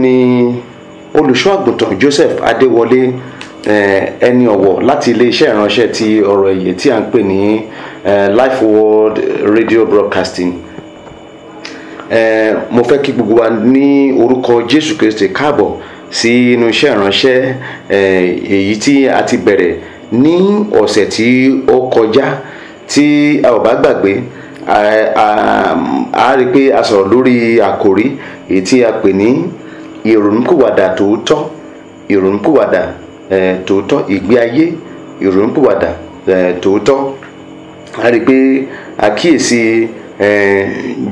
ni olùṣọ́ àgùntàn Joseph Adéwọlé eh, ẹni ọ̀wọ̀ láti iléeṣẹ́ ìránṣẹ́ ti ọ̀rọ̀ èyí tí a ń pè ní eh, Life World Radio Broadcasting eh, mo fẹ́ kí gbogbo wa ní orúkọ Jésù Kristi káàbọ̀ sí inú iṣẹ́ ìránṣẹ́ èyí tí a ti bẹ̀rẹ̀ ní ọ̀sẹ̀ tí ó kọjá tí a ò bá gbàgbé a rí i pé a sọ̀rọ̀ lórí àkòrí èyí tí a pè ní ìrònúpìwàdà tòótọ́ ìrònúpìwàdà tòótọ́ ìgbé ayé ìrònúpìwàdà tòótọ́ a rí i pé àkíyèsí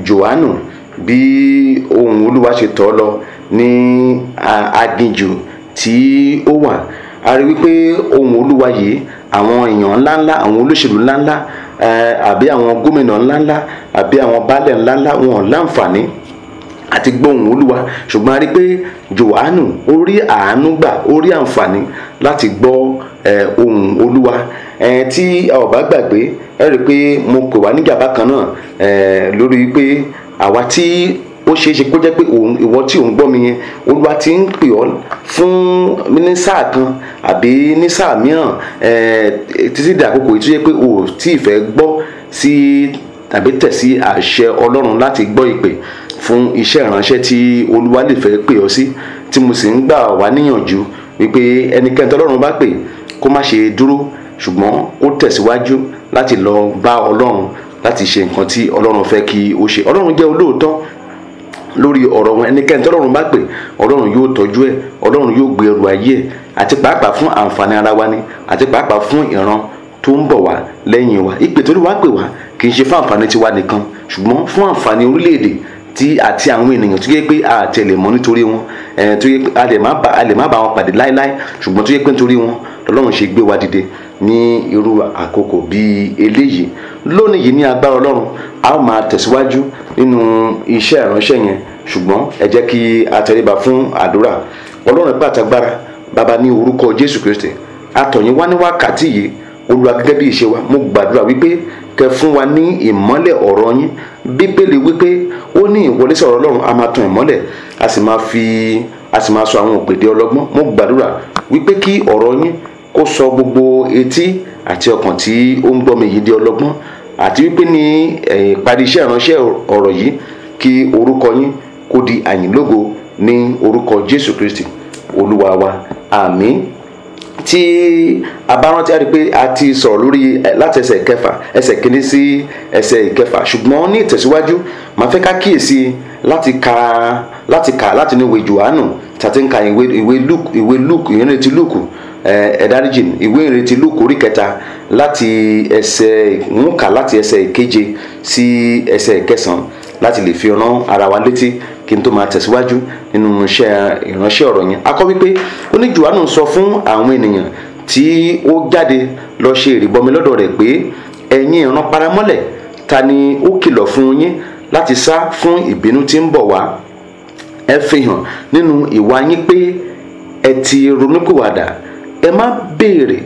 Jòhánù bí ohun Olúwa ṣe tọ́ lọ ní aginjù tí ó wà a rí wípé ohun Olúwa yìí àwọn èèyàn ńláńlá àwọn olóṣèlú ńláńlá àbí àwọn gómìnà ńláńlá àbí àwọn baálẹ̀ ńláńlá wọn ò láǹfààní àti gbóhùn olúwa ṣùgbọ́n a rí pé johannu ó rí àánú gbà ó rí àǹfààní láti gbọ́ ohùn olúwa tí a ò bá gbàgbé ẹ rí i pé mo kò wá níjà bákan náà lórí pé àwa tí ó ṣeé ṣe kó jẹ́ pé ìwọ tí òun gbọ́ mi yẹn olúwa ti ń pè ọ́ fún ní sáà kan àbí ní sáà mìíràn títí dàkókò yìí tó yẹ pé o tí ì fẹ́ gbọ́ sí tàbí tẹ̀sí àṣẹ ọlọ́run láti gbọ́ ìpè fún iṣẹ́ ìránṣẹ́ tí olúwa lè fẹ́ pè ọ sí tí mo sì ń gbà wá níyànjú wípé ẹnikẹ́ni tọ́lọ́run bá pè kó má ṣe dúró ṣùgbọ́n kó tẹ̀síwájú láti lọ bá ọlọ́run láti ṣe nǹkan tí ọlọ́run fẹ́ kí ó ṣe ọlọ́run jẹ́ olóòótọ́ lórí ọ̀rọ̀ wọn ẹnikẹ́ni tọ́lọ́run bá pè ọlọ́run yóò tọ́jú ẹ̀ ọlọ́run yóò gbé ẹrù ayé ẹ̀ àti pàápàá fún àǹfààní ara wa ni àti pàápàá fún ìran tó ń bọ̀ wá lẹ́yìn wa ìpè tó lè wá pè wá kì í ṣe fún àǹfààní tiwa nìkan ṣùgbọ́n fún àǹfààní orílẹ̀-èdè tí àti àwọn ènìyàn tó yẹ pé a tẹ̀lé mọ́ nítorí wọn eh, tó yẹ pé a lè má bá wọn pàdé láéláé ṣùgbọ́n tó yẹ pé nítorí wọn lọ́lọ́run ṣe gbé wa dìde ní irú àkókò bíi eléyìí lónìí yìí ní agbára ọlọ́run a ó máa tẹ̀síwájú nínú iṣẹ́ ìránṣẹ́ yẹn ṣùgbọ́n ẹ jẹ́ kí a tẹríba fún àdúrà ọlọ́run pàtàgbára bàbá ní orúkọ jésù kristi a wá ní wákàtí yìí olúwa gẹ́gẹ́ bí ìṣe wa mo gbàdúrà wípé kẹ́ fún wa ní ìmọ́lẹ̀ ọ̀rọ̀ yín bíbélì wípé ó ní ìwọlésẹ̀ ọ̀rọ̀ ọlọ́run a máa tan ìmọ́lẹ̀ a sì máa fi a sì máa sọ àwọn òpèdè ọlọ́gbọ́n mo gbàdúrà wípé kí ọ̀rọ̀ yín kó sọ gbogbo etí àti ọkàn tí ó ń gbọ́ mi yìí di ọlọ́gbọ́n àti wípé ní ìparí iṣẹ́ ìránṣẹ́ ọ̀rọ̀ yìí kí orúkọ yín kó di àyìnlógo ní orúkọ Jésù Kristi olúwa wa àmín tí a a rí pé a ti sọ̀rọ̀ lórí eh, láti ẹsẹ̀ kẹfà ẹsẹ̀ kìíní sí ẹsẹ̀ ìkẹfà ṣùgbọ́n ní ìtẹ̀síwájú màá fẹ́ ká kíyèsí láti ka láti kà láti ní ìwé Jòhánù tàti ń ka ìwé ìwé Lúùkù ìwé Lúùkù ìrètí Lúùkù eh, ẹ̀dáríjì ìwé ìrètí Lúùkù orí kẹta láti ẹsẹ̀ ń kà láti ẹsẹ̀ ìkeje sí ẹsẹ̀ ìkẹsàn-án láti lè fi rán ara wa létí kí n tó máa tẹ̀síwájú nínú iṣẹ́ ìránṣẹ́ ọ̀rọ̀ yẹn akọ́ wípé ó ní Jòhánù sọ fún àwọn ènìyàn tí ó jáde lọ ṣe ìrìbọmi lọ́dọ̀ rẹ̀ pé ẹ̀yin ìran paramọ́lẹ̀ ta ni ó kìlọ̀ fún yín láti sá fún ìbínú tí ń bọ̀ wá ẹ fi hàn nínú ìwà yín pé ẹ ti ronúkúwàdà ẹ má béèrè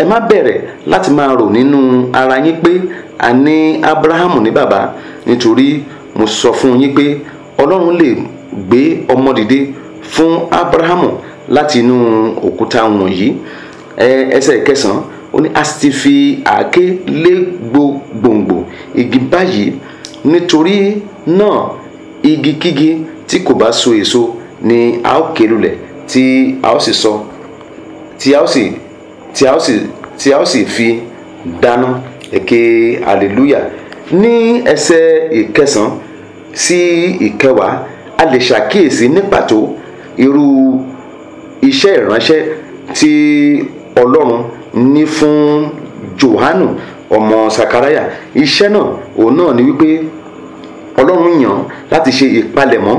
ẹ má bẹ̀rẹ̀ láti máa rò nínú ara yín pé a ní Ábúráhámù ní bàbá nítorí mo sọ fún yín pé ọlọ́run lè gbé ọmọ dìde fún abrahamu láti inú òkúta wọ̀nyí ẹsẹ̀ kẹsàn-án ó ní a sì fi àáké lé gbòǹgbò igi báyìí nítorí náà igikígi tí kò bá so èso ni a ó ké lulẹ̀ tí a ó sì sọ tí a ó sì tí a ó sì tí a ó sì fi dáná èké hallelujah ní ẹsẹ̀ ìkẹsàn-án sí ìkẹwàá a lè ṣàkíyèsí ní pàtó irú iṣẹ́ ìránṣẹ́ tí ọlọ́run ní fún Jòhánù ọmọ Sakaraya iṣẹ́ náà òun náà ni wípé ọlọ́run yàn láti ṣe ìpalẹ̀mọ́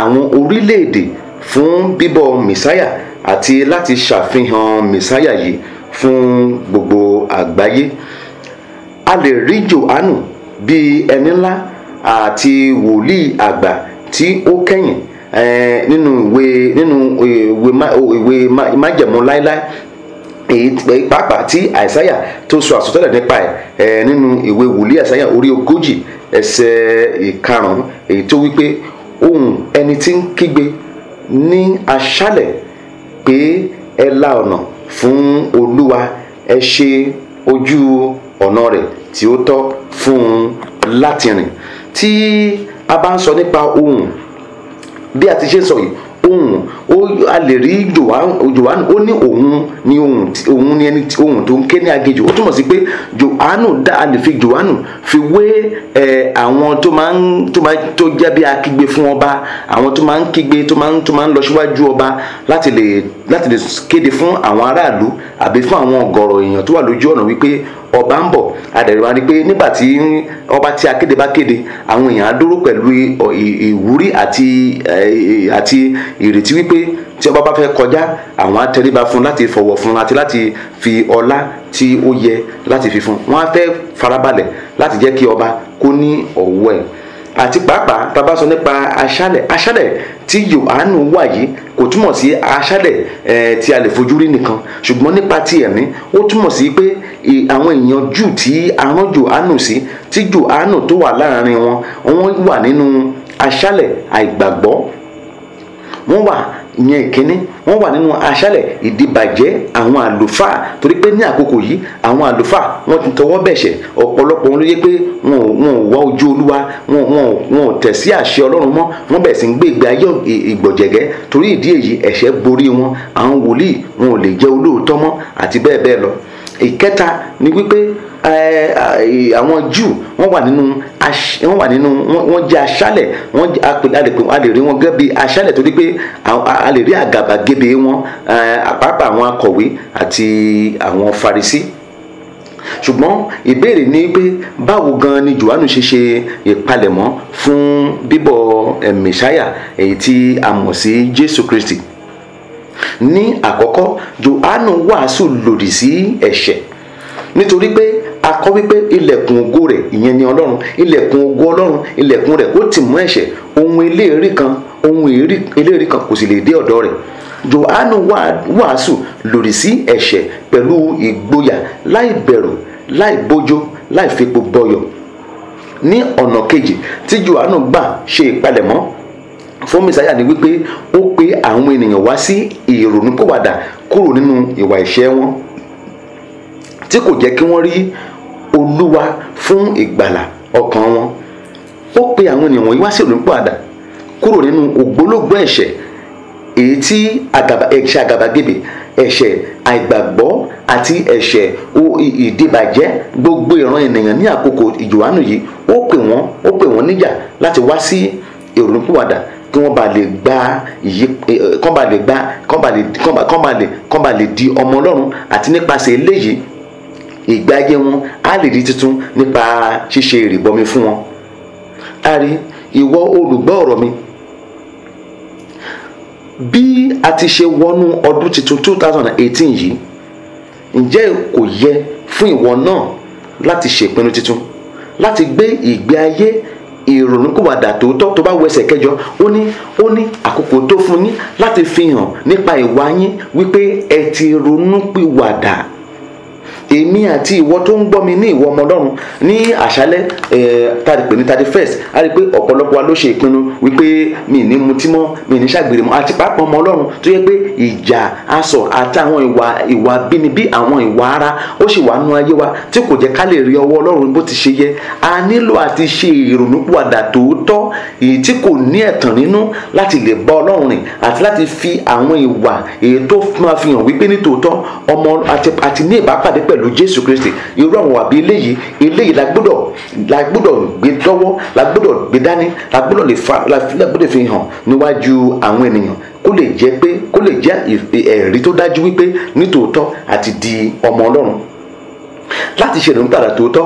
àwọn orílẹ̀-èdè fún bíbọ̀ mẹ̀sáyà àti láti ṣàfihàn mẹ̀sáyà yìí fún gbogbo àgbáyé a lè rí Jòhánù bíi ẹni ńlá àti wòlíì àgbà tí ó kẹ́yìn nínú ìwé nínú ìwé májẹ̀mú láíláí èyí pàápàá tí àìsáyà tó sọ àsọtẹ́lẹ̀ nípa ẹ̀ nínú ìwé wòlíì àìsáyà orí ogójì ẹsẹ̀ ìkarùnún èyí tó wípé ohùn ẹni tí ń kígbe ní aṣálẹ̀ pé ẹ la ọ̀nà fún olúwa ẹ ṣe ojú ọ̀nà rẹ̀ tí ó tọ́ fún un láti rìn tí a bá ń sọ nípa ohùn bí a ti ṣe sọ yìí ohùn ó a lè rí johannu ó ní òun ni ohùn òun ni ẹni ohùn tó ń ké ní agejò ó túmọ̀ sí pé johannu dá a lè fi johannu fi wé ẹ àwọn tó máa ń tó máa tó jẹ́ bí akígbe fún ọba àwọn tó máa ń kígbe tó máa ń tó máa ń lọ síwájú ọba láti lè láti lè kéde fún àwọn aráàlú àbí fún àwọn ọ̀gọ̀rọ̀ èèyàn tó wà lójú ọ̀nà wípé ọba ń bọ̀ adẹ̀rẹ̀wá ni pé nígbà tí ọba tí akéde bá kéde àwọn èèyàn á dúró pẹ̀lú ìwúrí àti àti ìrètí wípé tí ọba bá fẹ́ kọjá àwọn á tẹríba fún láti fọwọ́ fún àti láti fi ọlá tí ó yẹ láti fi fún wọn á fẹ́ farabalẹ̀ láti jẹ́ kí ọba kó ní ọ̀wọ̀ ẹ̀ àti pàápàá tá a bá sọ nípa aṣálẹ̀ aṣálẹ̀ tí Yohanu wà yìí kò túmọ̀ sí aṣálẹ̀ ẹ̀ tí a lè fojú rí nìkan ṣùgbọ́n nípa ti ẹ̀mí ó túmọ̀ sí pé àwọn èèyàn jù tí a rán Yohanu sí tí Yohanu tó wà láàrin wọn wọ́n wà nínú aṣálẹ̀ àìgbàgbọ́ wọ́n wà ìyẹn ìkíní wọ́n wà nínú aṣálẹ̀ ìdìbàjẹ́ àwọn àlùfáà torí pé ní àkókò yìí àwọn àlùfáà wọ́n ti tọwọ́ bẹ̀ṣẹ̀ ọ̀pọ̀lọpọ̀ wọn ló yẹ pé wọn ò wá ojú olúwa wọn ò tẹ̀ sí àṣẹ ọlọ́run mọ́ wọ́n bẹ̀rẹ̀ sí ń gbé ìgbé ayé ìgbọ̀jẹ̀gẹ́ torí ìdí èyí ẹ̀ṣẹ̀ borí wọn àwọn wòlíì wọn ò lè jẹ́ olóòótọ́ mọ́ àti bẹ́ẹ̀ bẹ́ẹ̀ lọ ìkẹta ni wípé àwọn jù wọ́n wà nínú wọ́n wà nínú wọ́n jẹ́ aṣálẹ̀ wọ́n a lè rí wọn gẹ́gẹ́ bí torí pé a lè rí àgàbàgebè wọn àpapọ̀ àwọn akọ̀wé àti àwọn Farisí ṣùgbọ́n ìbéèrè ni pé báwo gan ni Jòhánù ṣe ṣe ìpalẹ̀mọ́ fún bíbọ̀ Mèsáyà èyí tí a mọ̀ sí Jésù Kristi ní àkọ́kọ́ Jòhánù wàásù lòdì sí ẹ̀ṣẹ̀ nítorí pé a kọ́ wípé ilẹ̀kùn ògo rẹ̀ ìyẹn ni ọlọ́run ilẹ̀kùn ògo ọlọ́run ilẹ̀kùn rẹ̀ ó ti mú ẹ̀ṣẹ̀ ohun eléèrí kan ohun eléèrí kan kò sì lè dé ọ̀dọ̀ rẹ̀ Jòhánù wàásù lòdì sí ẹ̀ṣẹ̀ pẹ̀lú ìgboyà láì bẹ̀rù láì bójó láì fepo bọyọ̀ ní ọ̀nà kejì tí Jòhánù gbà ṣe ìpalẹ̀mọ́ fún mẹsàáyà ni wípé ó pe àwọn ènìyàn wá sí ìrònúpìwàdà kúrò nínú ìwà ìṣẹ́ wọn tí kò jẹ́ kí wọ́n rí olúwa fún ìgbàlà ọkàn wọn ó pe àwọn ènìyàn wọ̀nyí wá sí ìrònúpìwàdà kúrò nínú ògbólógbòó ẹ̀ṣẹ̀ èyí tí ẹ̀ṣẹ̀ àgàbàgebè ẹ̀ṣẹ̀ àìgbàgbọ́ àti ẹ̀ṣẹ̀ ìdìbàjẹ́ gbogbo ìran ènìyàn ní àkókò ìjòhánù yìí ó pè wọ́n ó pè wọ́n níjà láti wá sí ìrònúpìwàdà kí wọ́n bá lè gba ìyí eh, eh, kán bá lè gba kán bá lè kán bá lè kán bá lè di ọmọ ọlọ́run àti nípasẹ̀ eléyìí ìgbé ayé wọn á lè di tuntun nípa ṣíṣe ìrìbọmi fún wọn. a rí ìwọ olùgbọ́ ọ̀rọ̀ mi bí a ti ṣe wọnú ọdún tuntun two thousand and eighteen yìí ǹjẹ́ kò yẹ fún ìwọ náà láti ṣèpinnu tuntun láti gbé ìgbé ayé ìrònúkúwàdà tòótọ́ tó bá wẹsẹ̀ kẹjọ ó ní ó ní àkókò tó fún yín láti fi hàn nípa ìwà wípé ẹ ti ronúpìwàdà èmi àti ìwọ tó ń gbọ́ mi ní ìwọ ọmọ ọlọ́run ní àṣálẹ́ tàbí pé ní thirty first a rí i pé ọ̀pọ̀lọpọ̀ wa ló ṣe ìpinnu wípé mi ní mutí mọ́ mi ní ṣàgbèrè mọ́ àti pàápàá ọmọ ọlọ́run tó yẹ pé ìjà aṣọ àti àwọn ìwà ìwà bínibí àwọn ìwà ara ó sì wà nú ayé wa tí kò jẹ́ ká lè rí ọwọ́ ọlọ́run bó ti ṣe yẹ a nílò àti ṣe ìrònúpìwàdà tòótọ́ èyí tí kò ní ẹ̀tàn nínú láti lè bá ọlọ́run rìn àti láti fi àwọn ìwà èyí tó máa fi hàn wípé ní tòótọ́ ọmọ àti ní ìbápàdé pẹ̀lú pẹ̀lú jésù kristi irú àwọn àbí eléyìí eléyìí la gbọ́dọ̀ la gbọ́dọ̀ gbé dọ́wọ́ la gbọ́dọ̀ gbé dání la gbọ́dọ̀ lè fa la gbọ́dọ̀ fi hàn níwájú àwọn ènìyàn kó lè jẹ́ pé kó lè jẹ́ ẹ̀rí tó dájú wípé nítòótọ́ àti di ọmọ ọlọ́run láti ṣe ìrònúpìwàdà tòótọ́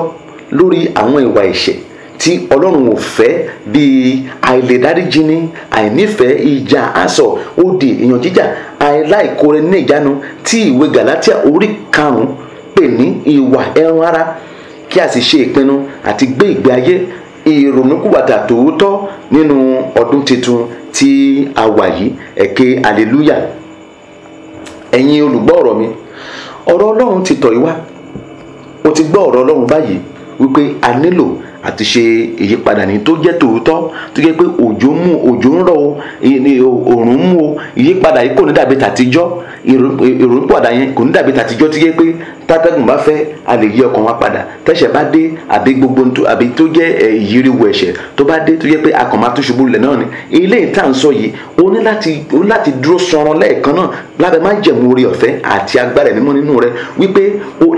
lórí àwọn ìwà ẹ̀ṣẹ̀ tí ọlọ́run ò fẹ́ bíi àìlèdáríjìní àìnífẹ̀ẹ́ ìjà àsọ̀ òdì ìyànjíjà àìláìkóre ní ìjánu tí ìwé gàlátíà orí karùn-ún pè ní ìwà ẹran ara kí a sì ṣe ìpinnu àti gbé ìgbé ayé ìrònúkúwàdà tòótọ́ nínú ọdún tuntun tí a wà yìí ẹ̀kẹ́ hallelujah ẹ̀yin olùgbọ́ ọ̀rọ̀ mi ọ̀rọ̀ ọlọ́run ti tọ̀ yí wá o ti gbọ́ ọ̀rọ̀ ọlọ́run báyìí wípé a nílò àti ṣe ìyípadà ní tó jẹ́ tòótọ́ tó jẹ́ pé òjò mú òjò ń rọ̀ o òòrùn mú o ìyípadà yìí kò ní dàbí tàtijọ́ ìrònú pàdà yẹn kò ní dàbí tàtijọ́ tó jẹ́ pé tátẹ́gùn bá fẹ́ a lè yí ọkàn wa padà tẹ́sẹ̀ bá dé àbí gbogbo àbí tó jẹ́ ìyíriwo ẹ̀ṣẹ̀ tó bá dé tó jẹ́ pé a máa tún ṣubú lulẹ̀ náà ni eléyìí tá à ń sọ yìí ó ní láti ó ní láti dúró sanran lẹ́ẹ̀kan náà lábẹ́ má jẹ̀mú orí ọ̀fẹ́ àti agbára ẹ̀mí mọ́ nínú rẹ wípé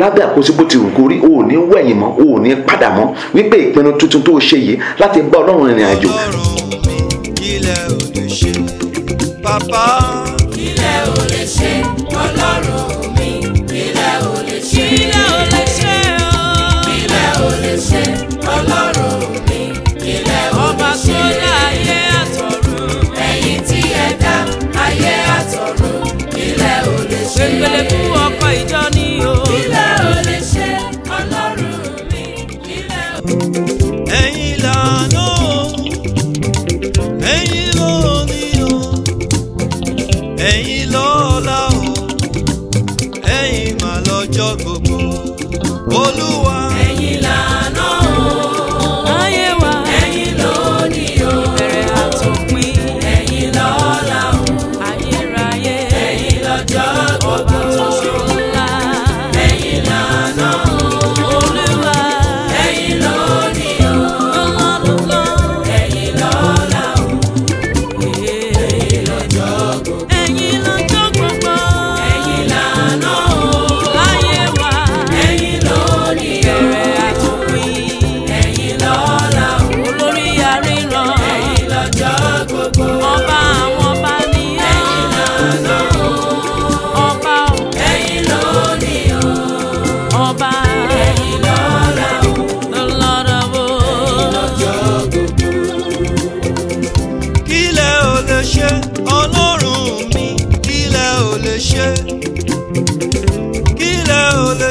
lábẹ́ àkóso bó ti wù kórí o ò ní wẹ̀yìn mọ́ o ò ní padà mọ́ wípé ìp ìpinnu tuntun tó ṣe yìí láti bá ọlọ́run rìnrìn àjò. ilẹ̀ ò lè ṣe bàbá. ilẹ̀ ò lè ṣe ọlọ́run mi ilẹ̀ ò lè ṣe. ilẹ̀ ò lè ṣe ọ́. Oh. ilẹ̀ ò lè ṣe ọlọ́run mi ilẹ̀ ò lè ṣe. ọba tó dá ayé àtọ̀run. ẹ̀yin tí ẹ dá ayé àtọ̀run ilẹ̀ ò lè ṣe. pépélé fún wa.